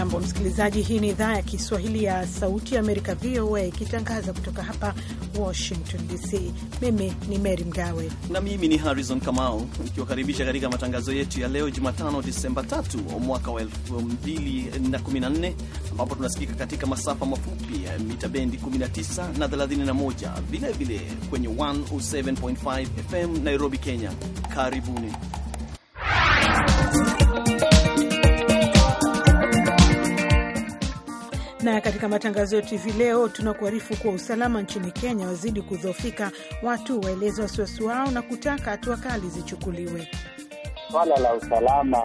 Hujambo msikilizaji, hii ni idhaa ya Kiswahili ya Sauti ya Amerika, VOA, ikitangaza kutoka hapa Washington DC. Mimi ni Mary Mgawe na mimi ni Harrison Kamau, nikiwakaribisha katika matangazo yetu ya leo Jumatano, Disemba 3 mwaka wa 2014 ambapo tunasikika katika masafa mafupi ya mita bendi 19 na 31, vilevile kwenye 107.5 FM Nairobi, Kenya. Karibuni. Na katika matangazo yetu hivi leo tunakuarifu kuwa usalama nchini Kenya wazidi kudhoofika, watu waeleza wasiwasi wao na kutaka hatua kali zichukuliwe. Swala la usalama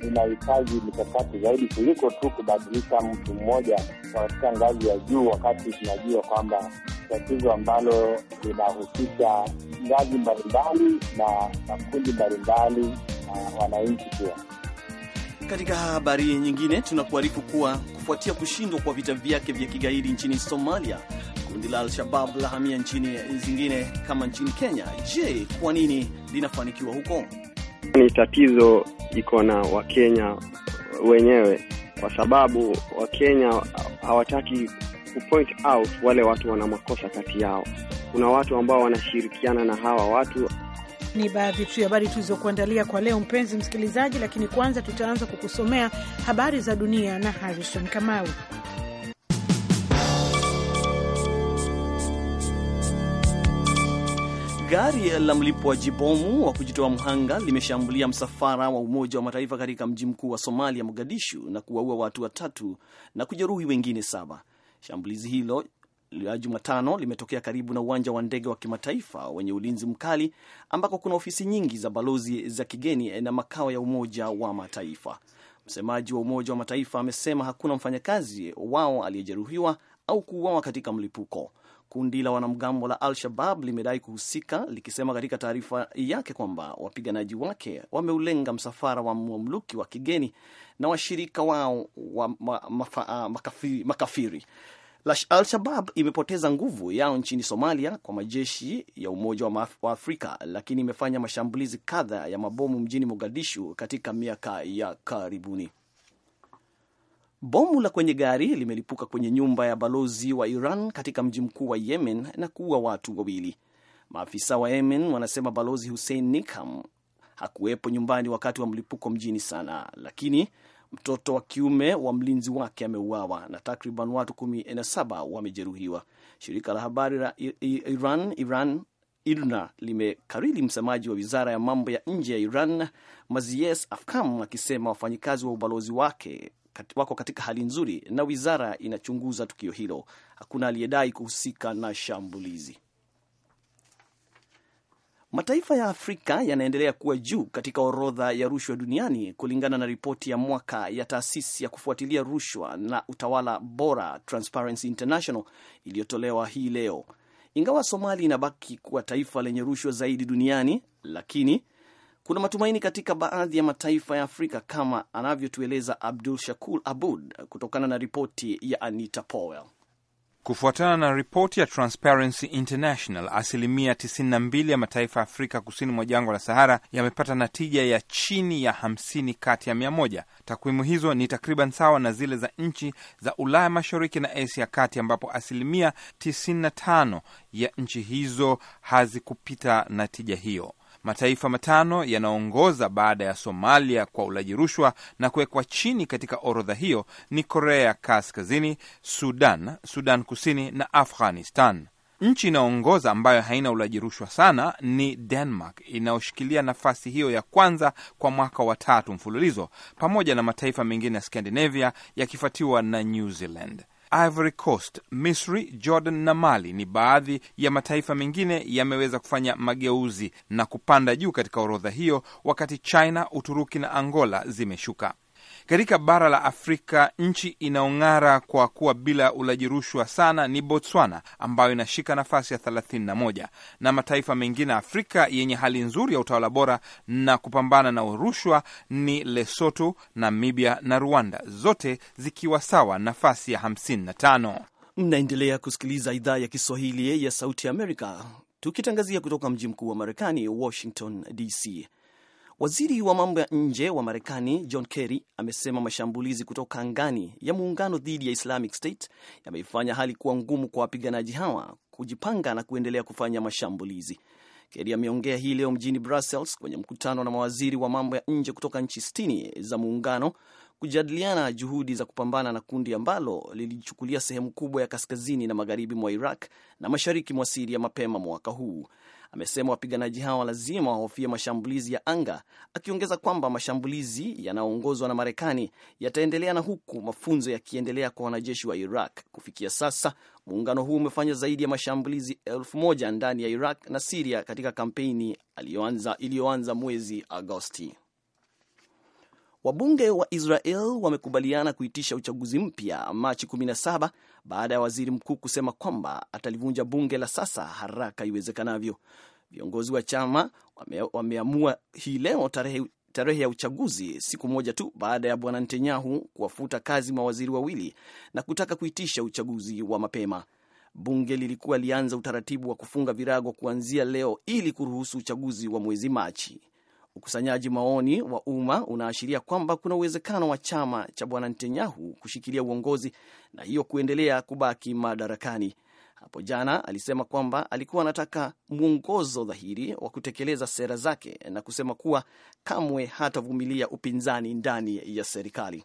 linahitaji mikakati zaidi kuliko tu kubadilisha mtu mmoja katika ngazi ya juu, wakati tunajua kwamba tatizo ambalo linahusisha ngazi mbalimbali na makundi mbalimbali na wananchi pia. Katika habari nyingine, tunakuarifu kuwa kufuatia kushindwa kwa vita vyake vya kigaidi nchini Somalia, kundi la Al-Shabab la hamia nchini zingine kama nchini Kenya. Je, kwa nini linafanikiwa huko? Ni tatizo iko na Wakenya wenyewe, kwa sababu Wakenya hawataki kupoint out wale watu wana makosa kati yao. Kuna watu ambao wanashirikiana na hawa watu ni baadhi tu ya habari tulizokuandalia kwa leo, mpenzi msikilizaji, lakini kwanza tutaanza kukusomea habari za dunia na Harrison Kamau. Gari la mlipuaji bomu wa kujitoa mhanga limeshambulia msafara wa Umoja wa Mataifa katika mji mkuu wa Somalia, Mogadishu, na kuwaua watu watatu na kujeruhi wengine saba. Shambulizi hilo la Jumatano limetokea karibu na uwanja wa ndege wa kimataifa wenye ulinzi mkali ambako kuna ofisi nyingi za balozi za kigeni na makao ya Umoja wa Mataifa. Msemaji wa Umoja wa Mataifa amesema hakuna mfanyakazi wao aliyejeruhiwa au kuuawa katika mlipuko. Kundi la wanamgambo la Al-Shabab limedai kuhusika likisema katika taarifa yake kwamba wapiganaji wake wameulenga msafara wa mamluki wa kigeni na washirika wao wa ah, makafiri. Al-Shabab imepoteza nguvu yao nchini Somalia kwa majeshi ya Umoja wa Afrika, lakini imefanya mashambulizi kadhaa ya mabomu mjini Mogadishu katika miaka ya karibuni. Bomu la kwenye gari limelipuka kwenye nyumba ya balozi wa Iran katika mji mkuu wa Yemen na kuua watu wawili. Maafisa wa Yemen wanasema balozi Hussein Nikam hakuwepo nyumbani wakati wa mlipuko mjini sana lakini mtoto wa kiume wa mlinzi wake ameuawa na takriban watu kumi na saba wamejeruhiwa. Shirika la habari la Iran Iran IRNA limekariri msemaji wa wizara ya mambo ya nje ya Iran mazies Afkam akisema wafanyikazi wa ubalozi wake wako katika hali nzuri na wizara inachunguza tukio hilo. Hakuna aliyedai kuhusika na shambulizi. Mataifa ya Afrika yanaendelea kuwa juu katika orodha ya rushwa duniani kulingana na ripoti ya mwaka ya taasisi ya kufuatilia rushwa na utawala bora Transparency International iliyotolewa hii leo. Ingawa Somali inabaki kuwa taifa lenye rushwa zaidi duniani, lakini kuna matumaini katika baadhi ya mataifa ya Afrika kama anavyotueleza Abdul Shakur Abud kutokana na ripoti ya Anita Powell. Kufuatana na ripoti ya Transparency International, asilimia 92 ya mataifa ya Afrika kusini mwa jangwa la Sahara yamepata natija ya chini ya 50 kati ya 100. Takwimu hizo ni takriban sawa na zile za nchi za Ulaya mashariki na Asia kati, ambapo asilimia 95 ya nchi hizo hazikupita natija hiyo. Mataifa matano yanaongoza baada ya Somalia kwa ulaji rushwa na kuwekwa chini katika orodha hiyo ni Korea Kaskazini, Sudan, Sudan Kusini na Afghanistan. Nchi inayoongoza ambayo haina ulaji rushwa sana ni Denmark inayoshikilia nafasi hiyo ya kwanza kwa mwaka wa tatu mfululizo, pamoja na mataifa mengine ya Skandinavia yakifuatiwa na New Zealand. Ivory Coast, Misri, Jordan na Mali ni baadhi ya mataifa mengine yameweza kufanya mageuzi na kupanda juu katika orodha hiyo, wakati China, Uturuki na Angola zimeshuka. Katika bara la Afrika, nchi inaong'ara kwa kuwa bila ulaji rushwa sana ni Botswana ambayo inashika nafasi ya 31 na mataifa mengine ya Afrika yenye hali nzuri ya utawala bora na kupambana na urushwa ni Lesotho, Namibia na Rwanda, zote zikiwa sawa nafasi ya 55. Mnaendelea kusikiliza idhaa ya Kiswahili ya Sauti ya Amerika, tukitangazia kutoka mji mkuu wa Marekani, Washington DC. Waziri wa mambo ya nje wa Marekani John Kerry amesema mashambulizi kutoka angani ya muungano dhidi ya Islamic State yameifanya hali kuwa ngumu kwa wapiganaji hawa kujipanga na kuendelea kufanya mashambulizi. Kerry ameongea hii leo mjini Brussels kwenye mkutano na mawaziri wa mambo ya nje kutoka nchi sitini za muungano kujadiliana juhudi za kupambana na kundi ambalo lilichukulia sehemu kubwa ya kaskazini na magharibi mwa Iraq na mashariki mwa Siria mapema mwaka huu. Amesema wapiganaji hao lazima wahofie mashambulizi ya anga, akiongeza kwamba mashambulizi yanayoongozwa na Marekani yataendelea na huku mafunzo yakiendelea kwa wanajeshi wa Iraq. Kufikia sasa, muungano huu umefanya zaidi ya mashambulizi elfu moja ndani ya Iraq na Siria katika kampeni iliyoanza mwezi Agosti. Wabunge wa Israel wamekubaliana kuitisha uchaguzi mpya Machi 17 baada ya waziri mkuu kusema kwamba atalivunja bunge la sasa haraka iwezekanavyo. Viongozi wa chama wame, wameamua hii leo tarehe, tarehe ya uchaguzi siku moja tu baada ya bwana Netanyahu kuwafuta kazi mawaziri wawili na kutaka kuitisha uchaguzi wa mapema. Bunge lilikuwa lianza utaratibu wa kufunga virago kuanzia leo ili kuruhusu uchaguzi wa mwezi Machi. Ukusanyaji maoni wa umma unaashiria kwamba kuna uwezekano wa chama cha bwana Netanyahu kushikilia uongozi na hiyo kuendelea kubaki madarakani. Hapo jana alisema kwamba alikuwa anataka mwongozo dhahiri wa kutekeleza sera zake na kusema kuwa kamwe hatavumilia upinzani ndani ya serikali.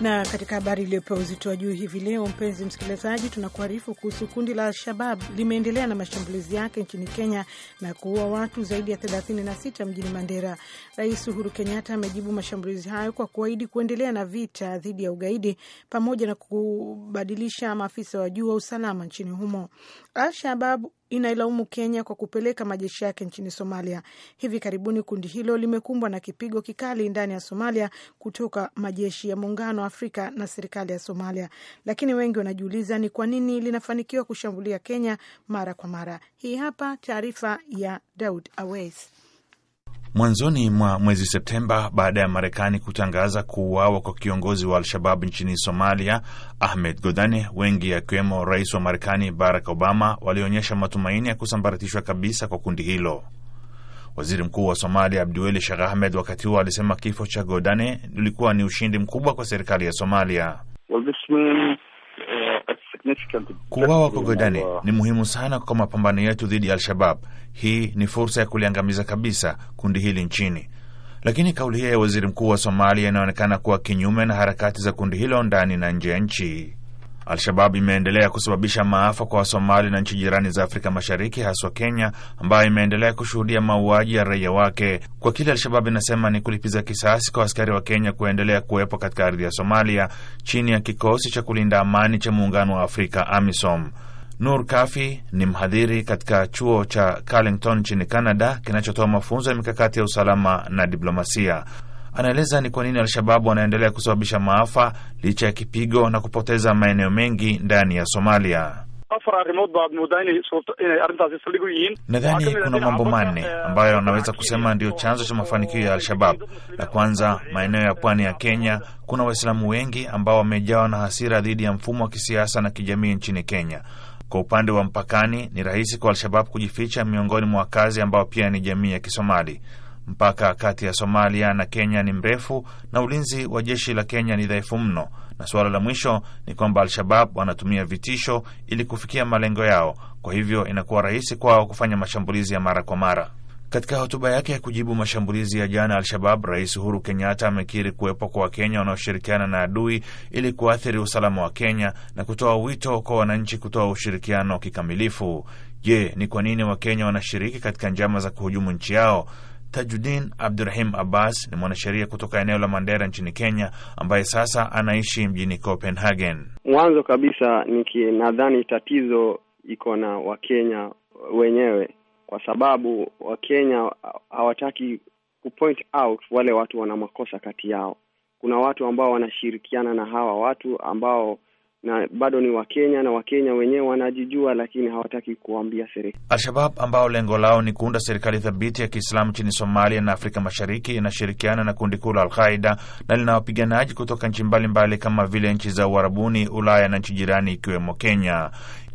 Na katika habari iliyopewa uzito wa juu hivi leo, mpenzi msikilizaji, tunakuarifu kuhusu kundi la Al-Shabab limeendelea na mashambulizi yake nchini Kenya na kuua watu zaidi ya 36 mjini Mandera. Rais Uhuru Kenyatta amejibu mashambulizi hayo kwa kuahidi kuendelea na vita dhidi ya ugaidi pamoja na kubadilisha maafisa wa juu wa usalama nchini humo. Al-Shabab inailaumu Kenya kwa kupeleka majeshi yake nchini Somalia. Hivi karibuni kundi hilo limekumbwa na kipigo kikali ndani ya Somalia kutoka majeshi ya muungano wa Afrika na serikali ya Somalia, lakini wengi wanajiuliza ni kwa nini linafanikiwa kushambulia Kenya mara kwa mara. Hii hapa taarifa ya Daud Awes. Mwanzoni mwa mwezi Septemba, baada ya Marekani kutangaza kuuawa kwa kiongozi wa Al-Shabab nchini Somalia, Ahmed Godane, wengi akiwemo rais wa Marekani Barack Obama walionyesha matumaini ya kusambaratishwa kabisa kwa kundi hilo. Waziri Mkuu wa Somalia Abdiweli Sheikh Ahmed wakati huo alisema kifo cha Godane ulikuwa ni ushindi mkubwa kwa serikali ya Somalia. well, Kuwawa kwa Godani ni muhimu sana kwa mapambano yetu dhidi ya Al-Shabab. Hii ni fursa ya kuliangamiza kabisa kundi hili nchini. Lakini kauli hiyo ya waziri mkuu wa Somalia inaonekana kuwa kinyume na harakati za kundi hilo ndani na nje ya nchi. Al-Shabab imeendelea kusababisha maafa kwa Wasomali na nchi jirani za Afrika Mashariki, haswa Kenya, ambayo imeendelea kushuhudia mauaji ya raia wake kwa kile Al-Shabab inasema ni kulipiza kisasi kwa askari wa Kenya kuendelea kuwepo katika ardhi ya Somalia chini ya kikosi cha kulinda amani cha Muungano wa Afrika, AMISOM. Nur Kafi ni mhadhiri katika chuo cha carlington nchini Canada kinachotoa mafunzo ya mikakati ya usalama na diplomasia. Anaeleza ni kwa nini Al-Shababu wanaendelea kusababisha maafa licha ya kipigo na kupoteza maeneo mengi ndani ya Somalia. Eh, Nadhani kuna mambo manne eh, ambayo anaweza kusema ndiyo chanzo cha mafanikio ya Al-Shabab. La kwanza, maeneo ya pwani ya Kenya kuna Waislamu wengi ambao wamejawa na hasira dhidi ya mfumo wa kisiasa na kijamii nchini Kenya. Kwa upande wa mpakani, ni rahisi kwa Al-Shabab kujificha miongoni mwa wakazi ambao pia ni jamii ya Kisomali. Mpaka kati ya Somalia na Kenya ni mrefu na ulinzi wa jeshi la Kenya ni dhaifu mno. Na suala la mwisho ni kwamba Al-Shabab wanatumia vitisho ili kufikia malengo yao, kwa hivyo inakuwa rahisi kwao kufanya mashambulizi ya mara kwa mara. Katika hotuba yake ya kujibu mashambulizi ya jana Al-Shabab, Rais Uhuru Kenyatta amekiri kuwepo kwa Wakenya wanaoshirikiana na adui ili kuathiri usalama wa Kenya na kutoa wito kwa wananchi kutoa ushirikiano kikamilifu. Je, ni kwa nini Wakenya wanashiriki katika njama za kuhujumu nchi yao? Tajudin Abdurahim Abbas ni mwanasheria kutoka eneo la Mandera nchini Kenya ambaye sasa anaishi mjini Copenhagen. Mwanzo kabisa nikinadhani tatizo iko na Wakenya wenyewe kwa sababu Wakenya hawataki kupoint out wale watu wana makosa kati yao. Kuna watu ambao wanashirikiana na hawa watu ambao na bado ni Wakenya na Wakenya wenyewe wanajijua, lakini hawataki kuambia serikali. Al-Shabab ambao lengo lao ni kuunda serikali thabiti ya Kiislamu nchini Somalia na Afrika Mashariki inashirikiana na kundi kuu la Al-Qaida na lina wapiganaji kutoka nchi mbalimbali kama vile nchi za Uarabuni, Ulaya na nchi jirani ikiwemo Kenya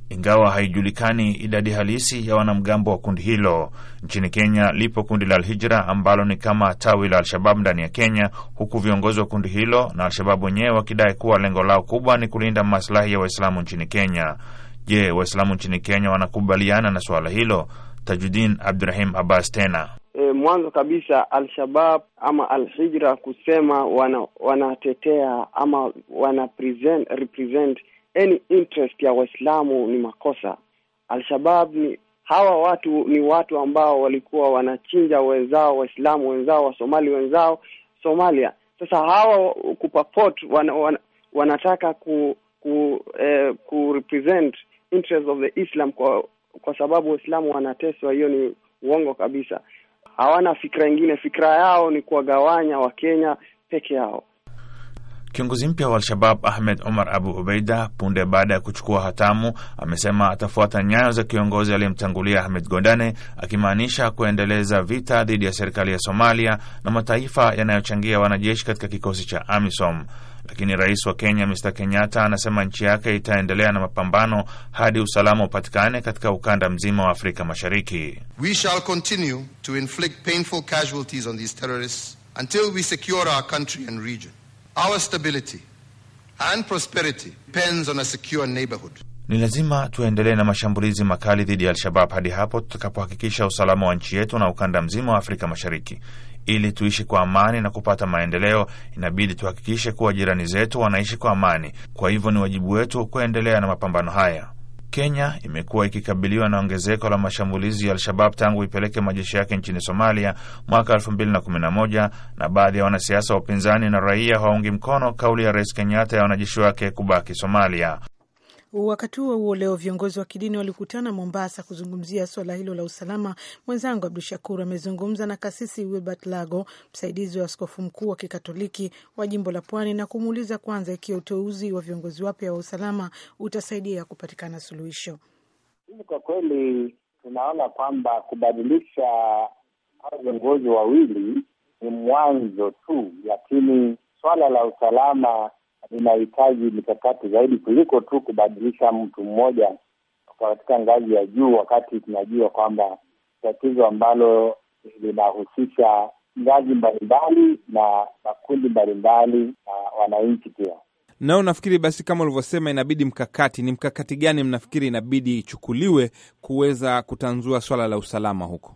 ingawa haijulikani idadi halisi ya wanamgambo wa kundi hilo. Nchini Kenya lipo kundi la Alhijra ambalo ni kama tawi la Al-Shabab ndani ya Kenya, huku viongozi wa kundi hilo na Al-Shabab wenyewe wakidai kuwa lengo lao kubwa ni kulinda maslahi ya Waislamu nchini Kenya. Je, Waislamu nchini Kenya wanakubaliana na suala hilo? Tajudin Abdurahim Abbas tena E, mwanzo kabisa alshabab ama alhijra kusema kusema wana, wanatetea ama wana present, represent any interest ya Waislamu ni makosa. Alshabab ni hawa watu ni watu ambao walikuwa wanachinja wenzao Waislamu wenzao Wasomali wenzao Somalia. Sasa hawa kupapot wan, wan, wanataka ku ku, eh, ku represent interest of the Islam kwa kwa sababu Waislamu wanateswa. Hiyo ni uongo kabisa. Hawana fikra ingine, fikra yao ni kuwagawanya Wakenya peke yao. Kiongozi mpya wa Al-Shabab Ahmed Omar Abu Ubeida, punde baada ya kuchukua hatamu, amesema atafuata nyayo za kiongozi aliyemtangulia Ahmed Gondane, akimaanisha kuendeleza vita dhidi ya serikali ya Somalia na mataifa yanayochangia wanajeshi katika kikosi cha AMISOM. Lakini rais wa Kenya Mr Kenyatta anasema nchi yake itaendelea na mapambano hadi usalama upatikane katika ukanda mzima wa Afrika Mashariki. We shall continue to inflict painful casualties on these terrorists until we secure our country and region. Our stability and prosperity depends on a secure neighborhood. Ni lazima tuendelee na mashambulizi makali dhidi ya Al-Shabab hadi hapo tutakapohakikisha usalama wa nchi yetu na ukanda mzima wa Afrika Mashariki. Ili tuishi kwa amani na kupata maendeleo, inabidi tuhakikishe kuwa jirani zetu wanaishi kwa amani. Kwa hivyo, ni wajibu wetu kuendelea na mapambano haya. Kenya imekuwa ikikabiliwa na ongezeko la mashambulizi ya Al-Shabab tangu ipeleke majeshi yake nchini Somalia mwaka 2011 na baadhi ya wanasiasa wa upinzani na raia hawaungi mkono kauli ya Rais Kenyatta ya wanajeshi wake kubaki Somalia. Wakati huo huo, leo viongozi wa kidini walikutana Mombasa kuzungumzia suala hilo la usalama. Mwenzangu Abdu Shakur amezungumza na Kasisi Wilbert Lago, msaidizi wa askofu mkuu wa Kikatoliki wa jimbo la Pwani, na kumuuliza kwanza ikiwa uteuzi wa viongozi wapya wa usalama utasaidia kupatikana suluhisho. Kwa kweli tunaona kwamba kubadilisha hao viongozi wawili ni mwanzo tu, lakini swala la usalama inahitaji mikakati zaidi kuliko tu kubadilisha mtu mmoja katika ngazi ya juu, wakati tunajua kwamba tatizo ambalo linahusisha ngazi mbalimbali na makundi mbalimbali na wananchi pia. nao unafikiri basi, kama ulivyosema, inabidi mkakati, ni mkakati gani mnafikiri inabidi ichukuliwe kuweza kutanzua swala la usalama huko?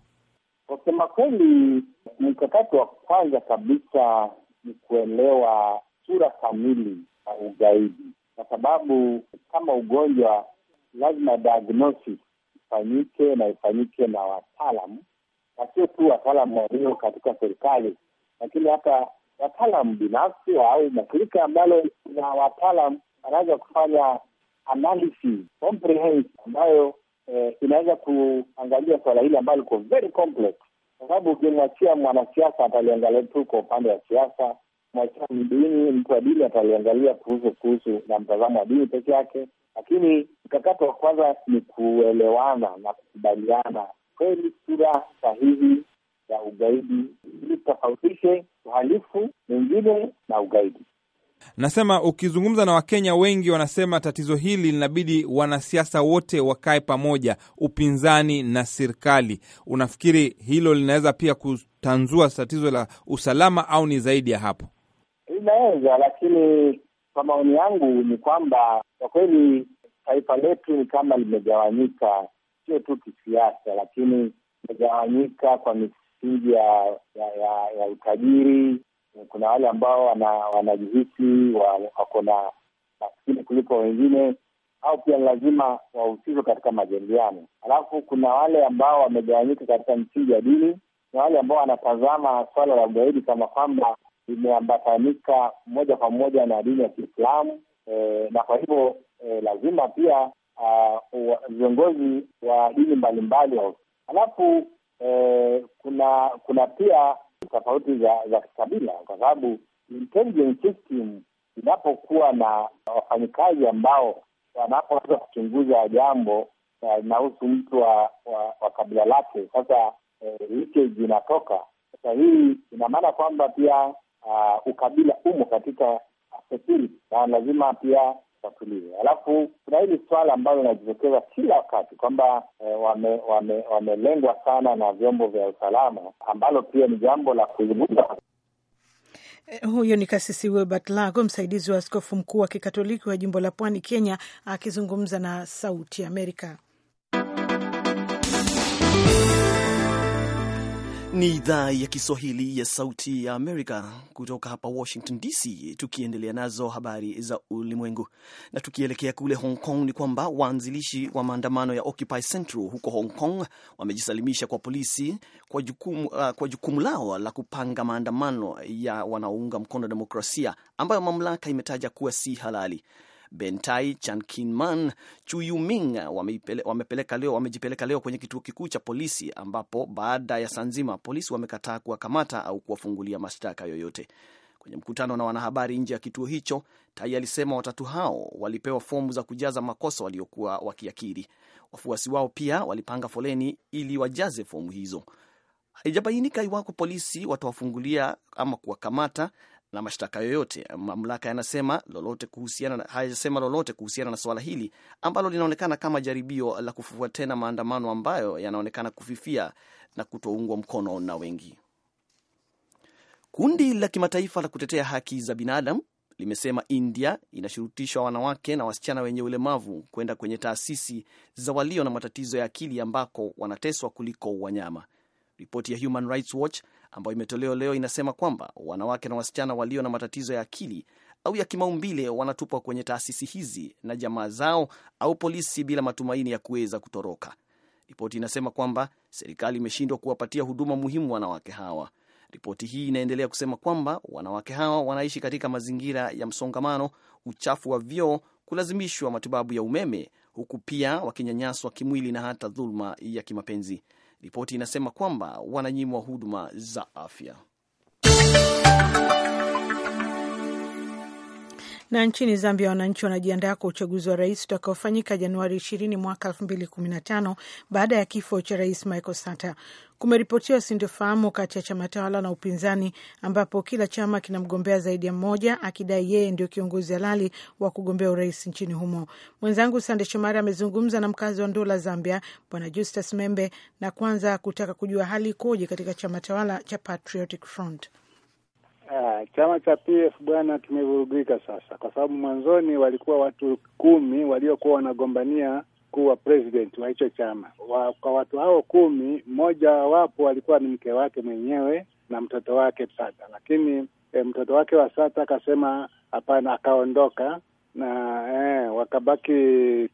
Kusema kweli, mkakati wa kwanza kabisa ni kuelewa sura kamili ya ugaidi, kwa sababu kama ugonjwa lazima diagnosis ifanyike na ifanyike na wataalamu, na sio tu wataalamu walio katika serikali, lakini hata wataalamu binafsi au mashirika ambalo na wataalamu wanaweza kufanya analysis comprehensive ambayo eh, inaweza kuangalia suala hili ambalo liko very complex, kwa sababu ukimwachia mwanasiasa ataliangalia tu kwa upande wa siasa Mwaislamu dini, mtu wa dini ataliangalia kuhusu kuhusu na mtazamo wa dini peke yake, lakini mkakati wa kwanza ni kuelewana na kukubaliana kweli sura sahihi ya ugaidi, ili tutofautishe uhalifu mwingine na ugaidi. Nasema ukizungumza na Wakenya wengi wanasema tatizo hili linabidi wanasiasa wote wakae pamoja, upinzani na serikali. Unafikiri hilo linaweza pia kutanzua tatizo la usalama au ni zaidi ya hapo? Inaweza, lakini kwa maoni yangu ni kwamba kwa kweli taifa letu ni kama limegawanyika, sio tu kisiasa, lakini limegawanyika kwa misingi ya, ya, ya, ya utajiri. Kuna wale ambao wanajihisi wana wako na maskini kuliko wengine au pia ni lazima wahusishwe katika majadiliano. Alafu kuna wale ambao wamegawanyika katika misingi ya dini na wale ambao wanatazama swala la ugaidi kama kwamba imeambatanika moja kwa moja na dini ya Kiislamu e, na kwa hivyo e, lazima pia viongozi uh, wa dini mbalimbali wa halafu e, kuna kuna pia tofauti za za kikabila kwa sababu intelligence system inapokuwa na wafanyikazi ambao wanapoweza kuchunguza jambo linahusu e, mtu wa, wa, wa kabila lake, sasa leakage inatoka. Sasa hii ina maana kwamba pia uh, ukabila umo katika security na lazima pia watulie. alafu kuna hili swala ambalo linajitokeza kila wakati kwamba eh, wamelengwa wame, wame sana na vyombo vya usalama ambalo pia ni jambo la kuzungumza. Eh, huyo ni Kasisi Wilbert Lago, msaidizi wa askofu mkuu wa kikatoliki wa jimbo la Pwani, Kenya, akizungumza na Sauti Amerika. Ni idhaa ya Kiswahili ya Sauti ya Amerika kutoka hapa Washington DC, tukiendelea nazo habari za ulimwengu. Na tukielekea kule Hong Kong, ni kwamba waanzilishi wa maandamano ya Occupy Central huko Hong Kong wamejisalimisha kwa polisi kwa jukumu, uh, kwa jukumu lao la kupanga maandamano ya wanaounga mkono demokrasia ambayo mamlaka imetaja kuwa si halali. Bentai Chankinman Chuyuming wamepeleka leo, wamejipeleka leo kwenye kituo kikuu cha polisi ambapo baada ya saa nzima polisi wamekataa kuwakamata au kuwafungulia mashtaka yoyote. Kwenye mkutano na wanahabari nje ya kituo hicho, Tai alisema watatu hao walipewa fomu za kujaza makosa waliokuwa wakiakiri. Wafuasi wao pia walipanga foleni ili wajaze fomu hizo. Haijabainika iwapo polisi watawafungulia ama kuwakamata la mashtaka yoyote. Mamlaka yanasema lolote kuhusiana, hayajasema lolote kuhusiana na suala hili ambalo linaonekana kama jaribio la kufufua tena maandamano ambayo yanaonekana kufifia na kutoungwa mkono na wengi. Kundi la kimataifa la kutetea haki za binadamu limesema India inashurutishwa wanawake na wasichana wenye ulemavu kwenda kwenye taasisi za walio na matatizo ya akili ambako wanateswa kuliko wanyama. Ripoti ya Human Rights Watch ambayo imetolewa leo inasema kwamba wanawake na wasichana walio na matatizo ya akili au ya kimaumbile wanatupwa kwenye taasisi hizi na jamaa zao au polisi bila matumaini ya kuweza kutoroka. Ripoti inasema kwamba serikali imeshindwa kuwapatia huduma muhimu wanawake hawa. Ripoti hii inaendelea kusema kwamba wanawake hawa wanaishi katika mazingira ya msongamano, uchafu wa vyoo, kulazimishwa matibabu ya umeme, huku pia wakinyanyaswa kimwili na hata dhuluma ya kimapenzi. Ripoti inasema kwamba wananyimwa huduma za afya. Na nchini Zambia, wananchi wanajiandaa kwa uchaguzi wa rais utakaofanyika Januari 20 mwaka 2015 baada ya kifo cha rais Michael Sata kumeripotiwa sintofahamu kati ya chama tawala na upinzani, ambapo kila chama kina mgombea zaidi ya mmoja akidai yeye ndio kiongozi halali wa kugombea urais nchini humo. Mwenzangu Sande Shomari amezungumza na mkazi wa Ndola, Zambia, Bwana Justus Membe, na kwanza kutaka kujua hali ikoje katika chama tawala cha Patriotic Front. Ah, chama cha PF bwana, kimevurugika sasa, kwa sababu mwanzoni walikuwa watu kumi waliokuwa wanagombania kuwa president wa hicho chama. Wa, kwa watu hao kumi, mmoja wapo alikuwa ni mke wake mwenyewe na mtoto wake Sata, lakini e, mtoto wake wa Sata akasema hapana, akaondoka na e, wakabaki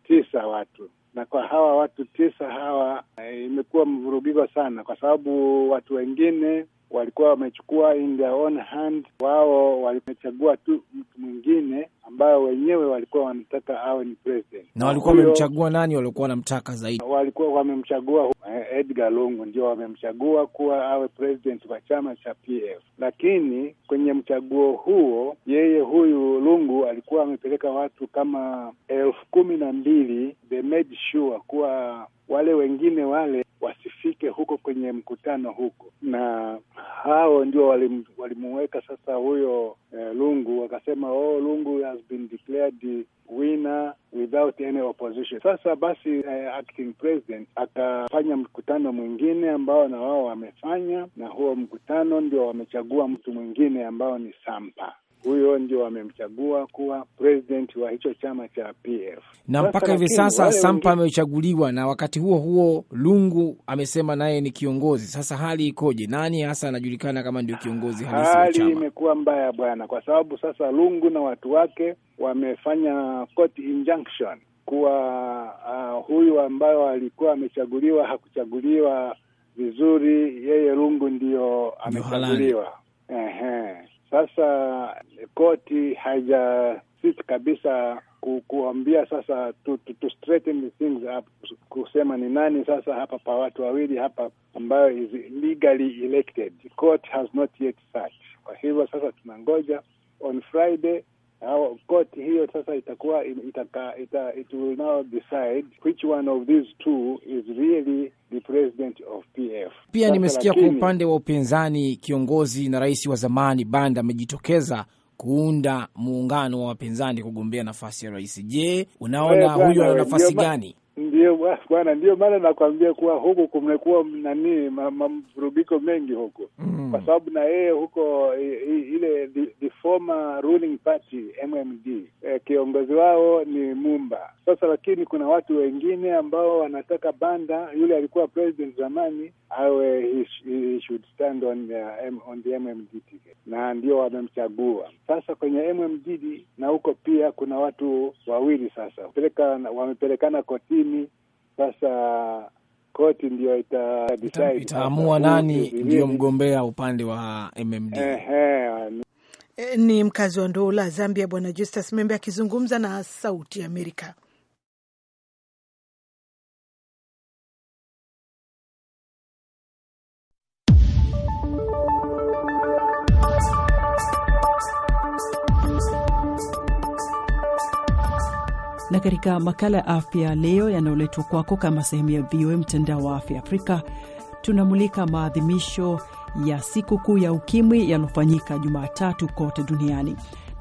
tisa watu na kwa hawa watu tisa hawa e, imekuwa mvurugiko sana, kwa sababu watu wengine walikuwa wamechukua in their own hand, wao walimechagua tu mtu mwingine ambayo wenyewe walikuwa wanataka awe ni president. Na walikuwa wamemchagua nani? Walikuwa wanamtaka zaidi, walikuwa wamemchagua eh, Edgar Lungu, ndio wamemchagua kuwa awe president wa chama cha PF. Lakini kwenye mchaguo huo, yeye huyu Lungu alikuwa amepeleka watu kama elfu kumi na mbili. They made sure kuwa wale wengine wale wasifike huko kwenye mkutano huko na hao ndio walimuweka sasa huyo eh, Lungu wakasema, oh, Lungu has been declared winner without any opposition. Sasa basi eh, acting president akafanya mkutano mwingine ambao na wao wamefanya, na huo mkutano ndio wamechagua mtu mwingine ambao ni Sampa huyo ndio wamemchagua kuwa president wa hicho chama cha PF na mpaka hivi sasa Sampa amechaguliwa, na wakati huo huo Lungu amesema naye ni kiongozi. Sasa hali ikoje? Nani hasa anajulikana kama ndio kiongozi halisi wa chama? Hali imekuwa mbaya bwana, kwa sababu sasa Lungu na watu wake wamefanya court injunction kuwa uh, huyu ambayo alikuwa amechaguliwa hakuchaguliwa vizuri, yeye Lungu ndio amechaguliwa. Ehe. Sasa koti haijasit kabisa ku, kuambia sasa to, to, to straighten things up, kusema ni nani sasa hapa pa watu wawili hapa ambayo is legally elected. The court has not yet sat. Kwa hivyo sasa tunangoja on Friday au hiyo sasa itakuwa itaka, ita, it will now decide which one of these two is really the president of PF. Pia nimesikia kwa upande wa upinzani kiongozi na rais wa zamani Banda amejitokeza kuunda muungano wa wapinzani kugombea nafasi ya rais. Je, unaona huyo ana nafasi gani? Ndio bwana, ndio maana nakwambia kuwa huku kumekuwa nani mavurugiko mengi huku mm. kwa sababu na yeye huko ile the, the former ruling party MMD e, kiongozi wao ni Mumba. Sasa lakini kuna watu wengine ambao wanataka Banda, yule alikuwa president zamani, awe he, he should stand on the, on the MMD ticket, na ndio wamemchagua sasa kwenye MMD, na huko pia kuna watu wawili sasa wamepelekana kotini nini. Sasa koti ndio ita decide itaamua nani ndio mgombea upande wa MMD. Ehe, eh, ni mkazi wa Ndola, Zambia, Bwana Justus Membe akizungumza na Sauti Amerika. na katika makala ya afya leo yanayoletwa kwako kama sehemu ya VOA mtandao wa afya Afrika, tunamulika maadhimisho ya sikukuu ya ukimwi yalofanyika Jumatatu kote duniani.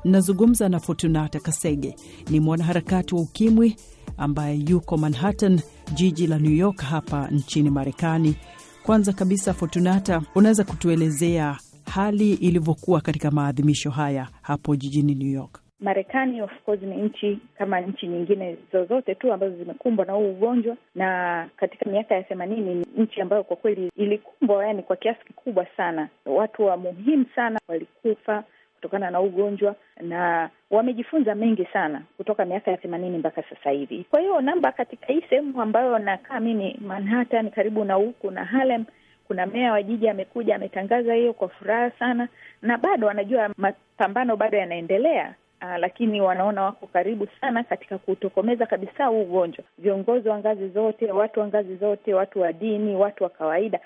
Nazungumza na Fortunata Kasege, ni mwanaharakati wa ukimwi ambaye yuko Manhattan, jiji la New York hapa nchini Marekani. Kwanza kabisa, Fortunata, unaweza kutuelezea hali ilivyokuwa katika maadhimisho haya hapo jijini New York? Marekani of course ni nchi kama nchi nyingine zozote tu ambazo zimekumbwa na huu ugonjwa, na katika miaka ya themanini ni nchi ambayo kwa kweli ilikumbwa, yani kwa kiasi kikubwa sana, watu wa muhimu sana walikufa kutokana na ugonjwa na wamejifunza mengi sana kutoka miaka ya themanini mpaka sasa hivi. Kwa hiyo namba katika hii sehemu ambayo nakaa mimi Manhattan, karibu na huku na Harlem, kuna meya wa jiji amekuja ametangaza hiyo kwa furaha sana, na bado anajua mapambano bado yanaendelea uh, lakini wanaona wako karibu sana katika kutokomeza kabisa huu ugonjwa. Viongozi wa ngazi zote, watu wa ngazi zote, watu wa dini, watu wa kawaida,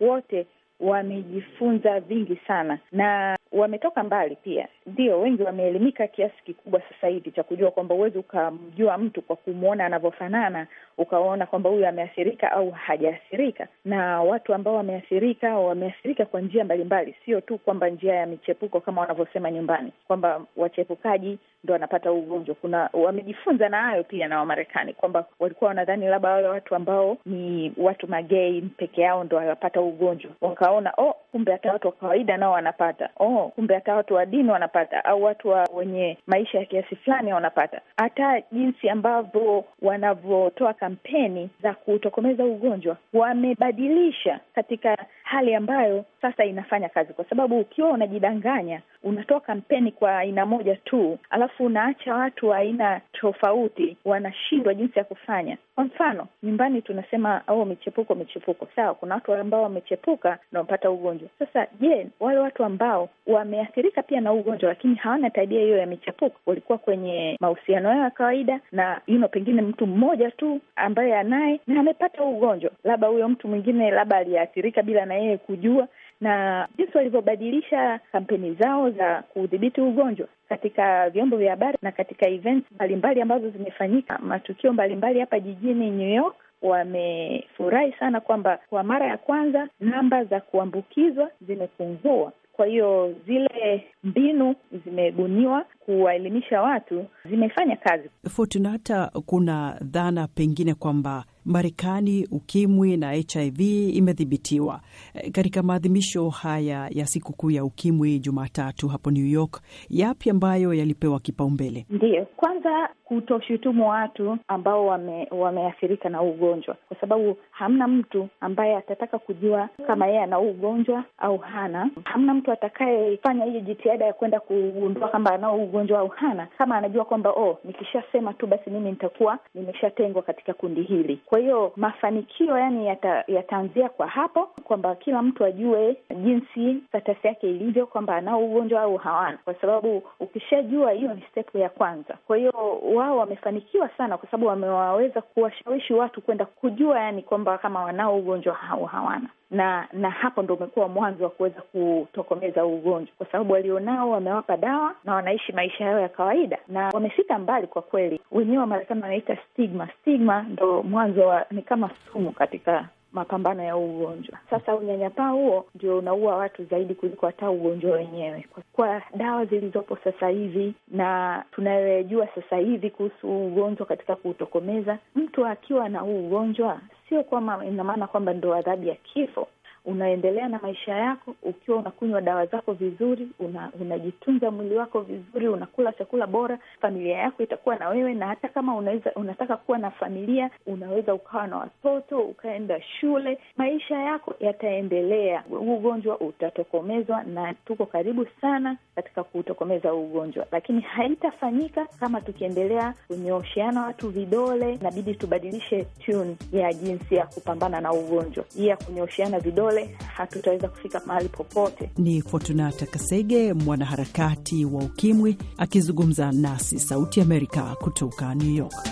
wote wamejifunza vingi sana na wametoka mbali pia, ndio wengi wameelimika kiasi kikubwa sasa hivi cha kujua kwamba huwezi ukamjua mtu kwa kumwona anavyofanana ukaona kwamba huyu ameathirika au hajaathirika. Na watu ambao wameathirika wameathirika kwa njia mbalimbali, sio tu kwamba njia ya michepuko kama wanavyosema nyumbani kwamba wachepukaji ndo wanapata ugonjwa. Kuna wamejifunza na hayo pia na Wamarekani kwamba walikuwa wanadhani labda wale watu ambao ni watu magei peke yao ndo wanapata ugonjwa, wakaona oh, kumbe hata watu wa kawaida nao wanapata oh, kumbe hata watu wa dini wanapata, au watu wa wenye maisha ya kiasi fulani wanapata, hata jinsi ambavyo wanavyotoa kampeni za kutokomeza ugonjwa wamebadilisha katika hali ambayo sasa inafanya kazi, kwa sababu ukiwa unajidanganya unatoa kampeni kwa aina moja tu, alafu unaacha watu wa aina tofauti wanashindwa jinsi ya kufanya. Kwa mfano nyumbani tunasema au oh, michepuko, michepuko sawa, kuna watu ambao wamechepuka na wamepata ugonjwa. Sasa je, wale watu ambao wameathirika pia na ugonjwa, lakini hawana tabia hiyo ya michepuko, walikuwa kwenye mahusiano yao ya kawaida, na ino, pengine mtu mmoja tu ambaye anaye na amepata ugonjwa, labda huyo mtu mwingine labda aliyeathirika bila na yeye kujua na jinsi walivyobadilisha kampeni zao za kudhibiti ugonjwa katika vyombo vya habari na katika events mbalimbali ambazo zimefanyika, matukio mbalimbali hapa jijini New York wamefurahi sana kwamba kwa mara ya kwanza namba za kuambukizwa zimepungua. Kwa hiyo zile mbinu zimebuniwa kuwaelimisha watu zimefanya kazi. Fortunata, kuna dhana pengine kwamba Marekani ukimwi na HIV imedhibitiwa. Eh, katika maadhimisho haya ya sikukuu ya ukimwi Jumatatu hapo New York, yapi ambayo yalipewa kipaumbele? Ndiyo, kwanza kutoshutumu watu ambao wame, wameathirika na huu ugonjwa, kwa sababu hamna mtu ambaye atataka kujua kama yeye anau ugonjwa au hana. Hamna mtu atakayefanya hiyo jitihada ya kwenda kugundua kwamba anao ugonjwa au hana, kama anajua kwamba oh, nikishasema tu basi mimi nitakuwa nimeshatengwa katika kundi hili. Kwa hiyo mafanikio yani yataanzia yata kwa hapo, kwamba kila mtu ajue jinsi status yake ilivyo, kwamba anao ugonjwa au hawana, kwa sababu ukishajua hiyo ni step ya kwanza. Kwa hiyo wao wamefanikiwa sana, kwa sababu wamewaweza kuwashawishi watu kwenda kujua yani kwamba kama wanao ugonjwa au hawana na na hapo ndo umekuwa mwanzo wa kuweza kutokomeza huu ugonjwa, kwa sababu walionao wamewapa dawa na wanaishi maisha yao ya kawaida na wamefika mbali kwa kweli. Wenyewe Wamarekani wanaita stigma. Stigma ndo mwanzo wa, ni kama sumu katika mapambano ya huu ugonjwa. Sasa unyanyapaa huo ndio unaua watu zaidi kuliko hata ugonjwa wenyewe, kwa dawa zilizopo sasa hivi na tunayojua sasa hivi kuhusu huu ugonjwa katika kuutokomeza. Mtu akiwa na huu ugonjwa, sio kwamba ina maana kwamba ndo adhabu ya kifo, unaendelea na maisha yako ukiwa unakunywa dawa zako vizuri, una, unajitunza mwili wako vizuri, unakula chakula bora, familia yako itakuwa na wewe. Na hata kama unaweza, unataka kuwa na familia, unaweza ukawa na watoto, ukaenda shule, maisha yako yataendelea. Huu ugonjwa utatokomezwa, na tuko karibu sana katika kuutokomeza huu ugonjwa, lakini haitafanyika kama tukiendelea kunyoosheana watu vidole. Inabidi tubadilishe tune ya jinsi ya kupambana na ugonjwa hii ya kunyoosheana vidole upole, hatutaweza kufika mahali popote. Ni Fortunata Kasege, mwanaharakati wa ukimwi, akizungumza nasi Sauti Amerika kutoka New York.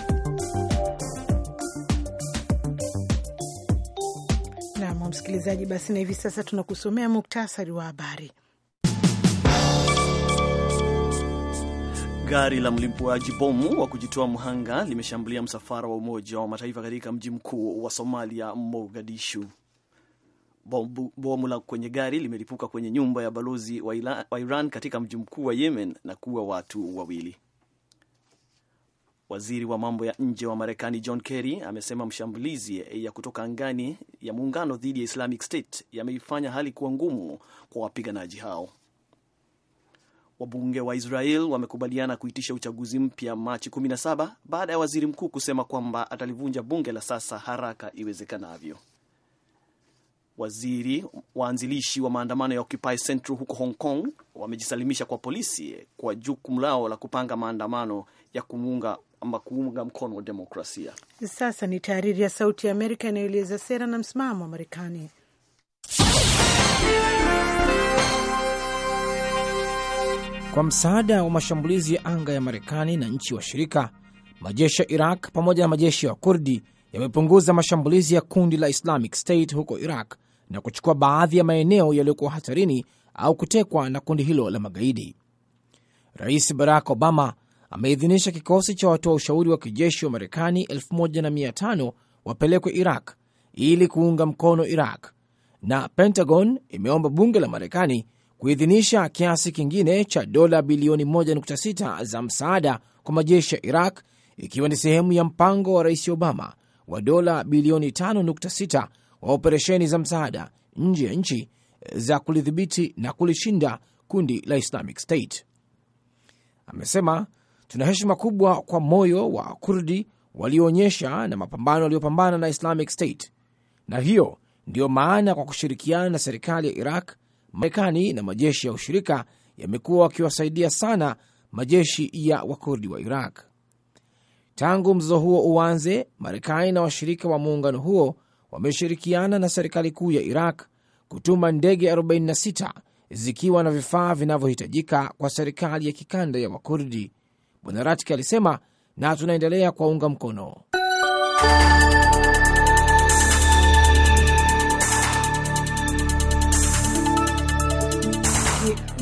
Nam msikilizaji, basi na hivi sasa tunakusomea muktasari wa habari. Gari la mlipuaji bomu wa kujitoa mhanga limeshambulia msafara wa Umoja wa Mataifa katika mji mkuu wa Somalia, Mogadishu bomu la kwenye gari limelipuka kwenye nyumba ya balozi wa ila, wa Iran katika mji mkuu wa Yemen na kuua watu wawili. Waziri wa mambo ya nje wa Marekani John Kerry amesema mshambulizi ya kutoka angani ya muungano dhidi ya Islamic State yameifanya hali kuwa ngumu kwa wapiganaji hao. Wabunge wa Israel wamekubaliana kuitisha uchaguzi mpya Machi 17 baada ya waziri mkuu kusema kwamba atalivunja bunge la sasa haraka iwezekanavyo waziri waanzilishi wa maandamano ya Occupy Central huko Hong Kong wamejisalimisha kwa polisi kwa jukumu lao la kupanga maandamano ya kumuunga ama kuunga mkono wa demokrasia. Sasa ni tahariri ya Sauti ya Amerika inayoeleza sera na msimamo wa Marekani. Kwa msaada wa mashambulizi ya anga ya Marekani na nchi washirika, majeshi ya Iraq pamoja na majeshi ya Kurdi yamepunguza mashambulizi ya kundi la Islamic State huko Iraq na kuchukua baadhi ya maeneo yaliyokuwa hatarini au kutekwa na kundi hilo la magaidi. Rais Barack Obama ameidhinisha kikosi cha watoa ushauri wa kijeshi wa Marekani 1500 wapelekwe Iraq ili kuunga mkono Iraq, na Pentagon imeomba bunge la Marekani kuidhinisha kiasi kingine cha dola bilioni 1.6 za msaada kwa majeshi ya Iraq, ikiwa ni sehemu ya mpango wa Rais Obama wa dola bilioni 5.6 wa operesheni za msaada nje ya nchi za kulidhibiti na kulishinda kundi la Islamic State. Amesema, tuna heshima kubwa kwa moyo wa Kurdi walioonyesha na mapambano waliopambana na Islamic State, na hiyo ndiyo maana kwa kushirikiana na serikali ya Iraq, Marekani na majeshi ya ushirika yamekuwa wakiwasaidia sana majeshi ya Wakurdi wa Iraq tangu mzozo huo uanze. Marekani na washirika wa muungano huo wameshirikiana na serikali kuu ya Iraq kutuma ndege 46 zikiwa na vifaa vinavyohitajika kwa serikali ya kikanda ya Wakurdi. Bwana Ratke alisema, na tunaendelea kuwaunga mkono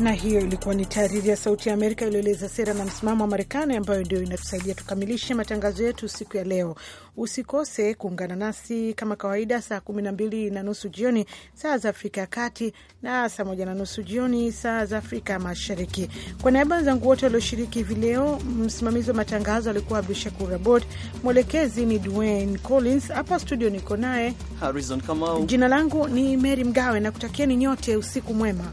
Na hiyo ilikuwa ni tahariri ya Sauti ya Amerika iliyoeleza sera na msimamo wa Marekani, ambayo ndio inatusaidia tukamilishe matangazo yetu siku ya leo. Usikose kuungana nasi kama kawaida saa kumi na mbili na nusu jioni saa za Afrika ya Kati na saa moja na nusu jioni saa za Afrika Mashariki. Kwa niaba wenzangu wote walioshiriki hivi leo, msimamizi wa matangazo alikuwa Abdu Shakur mwelekezi ni Dwayne Collins, hapa studio niko naye Harrison Kamau. Jina langu ni Mary Mgawe na kutakieni nyote usiku mwema.